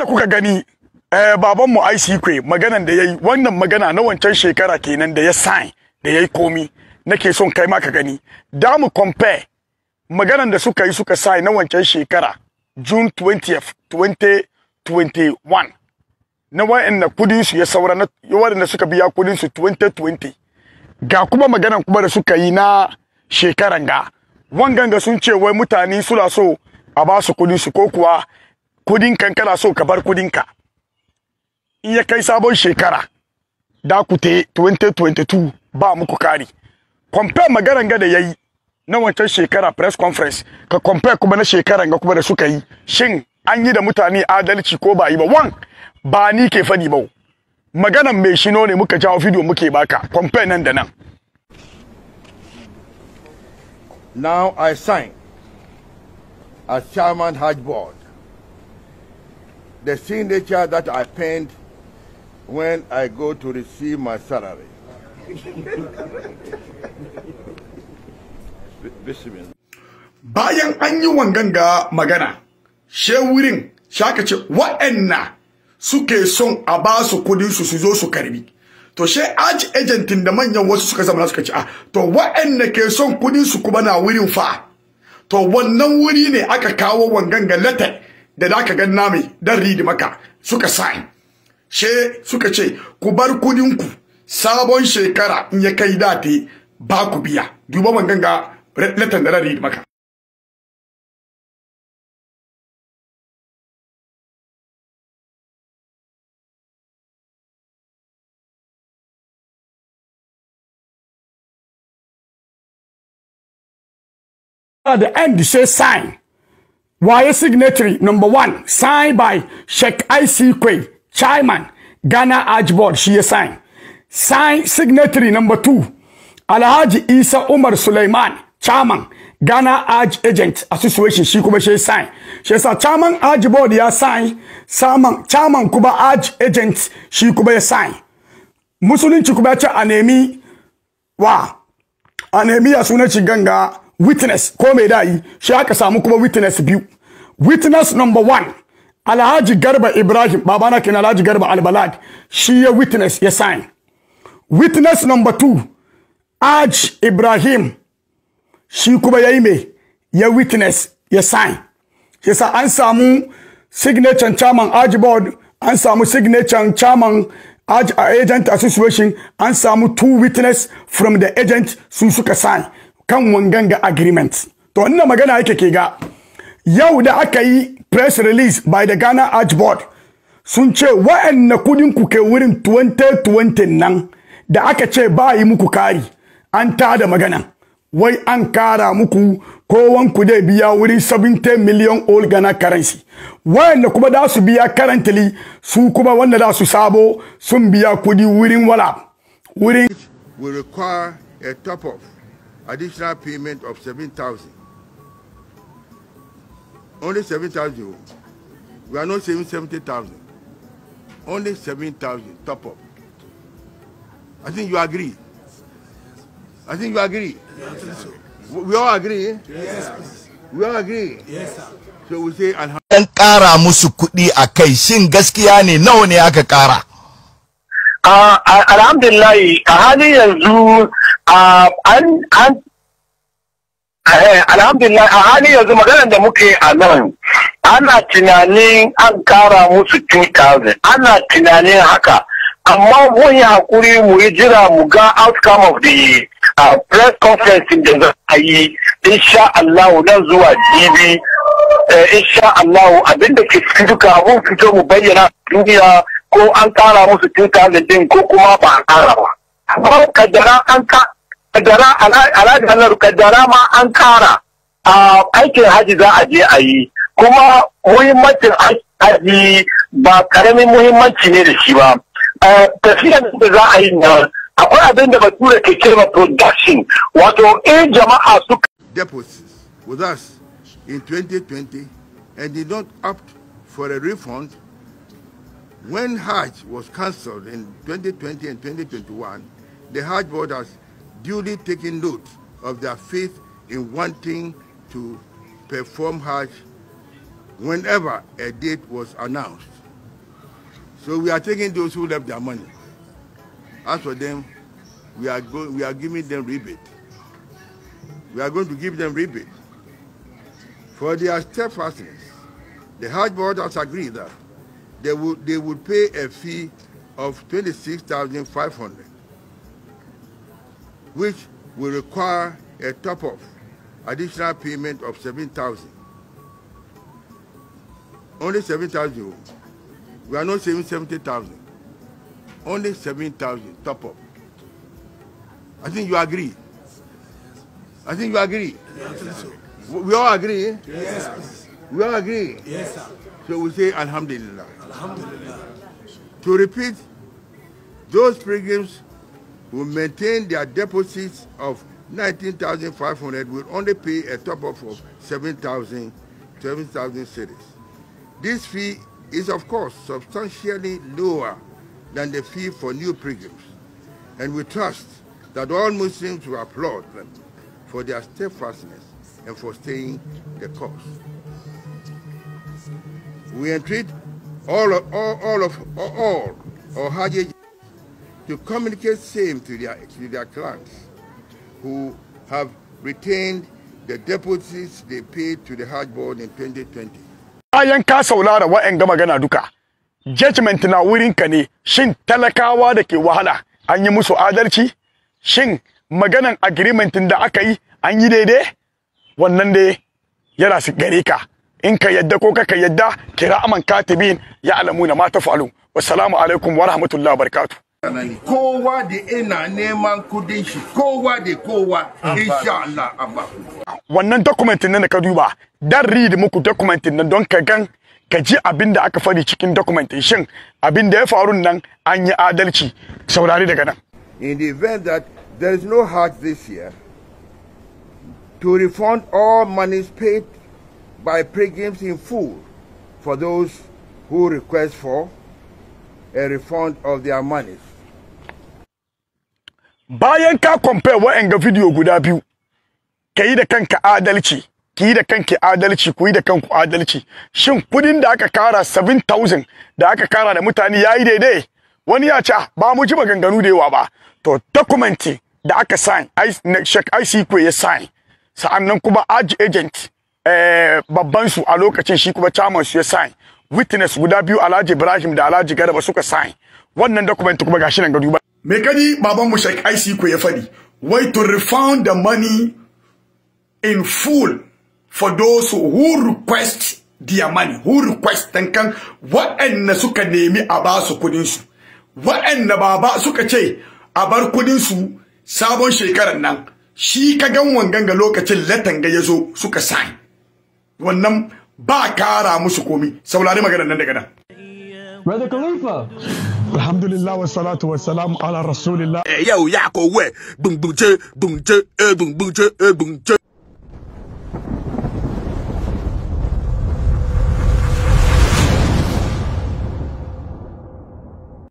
da kuka gani eh, babanmu ICQ maganan da yayi wannan magana na wancan shekara kenan da ya sign da yayi komi nake son kai ma ka gani da mu compare maganan da suka yi suka sign na wancan shekara June 20th 2021 na kudin ya saura na suka biya kudin su 2020 ga kuma maganan kuma da suka yi na shekaran ga wangan ga sun ce wai mutane suna so a ba su kudin su ko kuwa kudin kan kana so ka bar kudin ka in ya kai sabon shekara da ku te 2022 ba muku kari compare magaran ga da yayi na wancan shekara press conference ka compare kuma na shekaran ga kuma da suka yi shin an yi da mutane adalci ko ba yi ba wan ba ni ke fadi ba maganan mai shino ne muka jawo video muke baka compare nan da nan now i sign as chairman hajj board the signature that I paint when I go to receive my salary. Bayan an yi wanganga magana, she wurin shaka ce wa'anna suke son a ba su su su zo su karbi. To she aji ejentin da manyan wasu suka zama suka ce a ah, to wa'anna ke son kudi su kuma na wurin fa. To wannan wuri ne aka kawo wangan ga letter da da ka gan nami dan ridi maka suka sign she suka ce ku bar kudin ku sabon shekara in ya kai date ba ku biya duba man ganga letter da ridi maka At the end, she sign. waye signatory number one signed by Sheikh IC Kwe, chairman, Ghana Arch Board, shi is sign. Sign signatory number two, Alhaji Isa Umar Suleiman, chairman, Ghana Arch Agent Association, shi kuma shi sign. is a chairman Arch Board ya sign, chairman, chairman kuba Arch Agent shi kuma ya sign. Musulunci kuma ya ce a wa, anemi ya shi ganga witness ko mai da'i, shi aka samu kuma witness biyu. witness number one alhaji garba ibrahim babana kenan alhaji garba albalad shi ya witness ya sign witness number two aj ibrahim shi kuma ya yi mai ya witness ya sign shi sa an samu signature chairman aj board an samu signature chairman aj agent association an samu two witness from the agent sun suka sign kan wanganga agreement to wannan magana yake ke ga yau da aka yi press release by the Ghana Arch Board sun ce wa'anne kudin ku ke wurin 2020 nan da aka ce ba yi muku kari an ta da magana wai an kara muku kowan ku dai biya wurin 70 million old Ghana currency wa'anne kuma da su biya currently su kuma wanda da su sabo sun biya kudi wurin wala wurin will require a top of additional payment of 7000 Only 7,000. We are not saving 70,000. Only 7,000 top up. I think you agree. I think you agree. Yes, sir. we all agree. Yes. We all agree. Yes, sir. So we say alhamdulillah. An ƙara musu kuɗi a kai shin gaskiya ne nawa ne aka ƙara? Ah, alhamdulillah a halin yanzu ah, an alhamdulillah a hali yanzu maganar da muke a nan ana tunanin an kara musu 2000 ana tunanin haka amma mun yi hakuri mu yi jira mu ga outcome of the uh, press conference da za a yi insha Allah nan zuwa jibi eh, insha Allah abinda ke cikin duka mun fito mu bayyana duniya ko an kara musu 2000 din ko kuma ba a kara ba. Kaddara an ka kaddara alhaji hannar kaddara ma an kara a aikin haji za a je a yi kuma muhimmancin haji ba karamin muhimmanci ne da shi ba tafiyan da za a yi nan akwai abin da bature ke kirma production wato in jama'a suka deposits with us in 2020 and did not opt for a refund when Hajj was cancelled in 2020 and 2021 the Hajj borders duly taking note of their faith in wanting to perform Hajj whenever a date was announced. So we are taking those who left their money. As for them, we are, go we are giving them rebate. We are going to give them rebate. For their steadfastness, the Hajj board has agreed that they would, they would pay a fee of 26500 which will require a top-up additional payment of 7,000. Only 7,000. We are not saving 70,000. Only 7,000 top up. I think you agree. I think you agree. Yes, we all agree. Yes. We all agree. Yes, sir. So we say Alhamdulillah. Alhamdulillah. To repeat, those pilgrims who maintain their deposits of 19,500 will only pay a top-up of 7,000 7,000 cities. This fee is, of course, substantially lower than the fee for new pilgrims, and we trust that all Muslims will applaud them for their steadfastness and for staying the course. We entreat all, all, all of all, all Hajj to communicate same to their, to their clans who have retained the deposits they paid to the hard board in 2020. ka saulara magana duka, judgment na wurin ka ne shin talakawa da ke wahala an yi musu adalci? Shin maganan agreement da aka yi an yi daidai? Wannan dai yana su gare ka. In ka yadda ko ka yadda kira aman katibin ya alamu na mata falu. Wassalamu alaikum wa rahmatullahi wa barakatuh. kowa da ina neman kudin shi kowa da kowa insha Allah wannan document nan ka duba dan read muku document nan don ka gan ka ji abin da aka fari cikin document shin abin da ya faru nan an yi adalci saurari daga nan in the event that there is no hajj this year to refund all monies paid by pregames in full for those who request for a refund of their monies bayan ka compare wa'anga video guda biyu kai da kanka adalci ki da kanki adalci ku yi da kanku adalci shin kudin da aka kara 7000 da aka kara da mutane yayi daidai wani ya ce ah, ba mu ji maganganu da yawa ba to document da aka sign Sheikh ICQ ya sign sa'annan kuma Aji agent eh, babban su a lokacin shi kuma chairman su ya sign witness guda biyu Alhaji Ibrahim da Alhaji Garba suka sign wannan document kuma gashi nan ga duba me kaji baban mu Sheikh Aisi ko ya fadi wai to refund the money in full for those who request their money who request kan waɗanda suka nemi a ba su kudin su waɗanda baba suka ce a bar kudin su sabon shekarar nan shi ka gan wangan ga lokacin latanga ya zo suka sai wannan ba kara musu komi saurari magana nan daga nan Brother Khalifa الحمد لله والصلاة والسلام على رسول الله يا يعقوب بنجي بنجي بنجي بنجي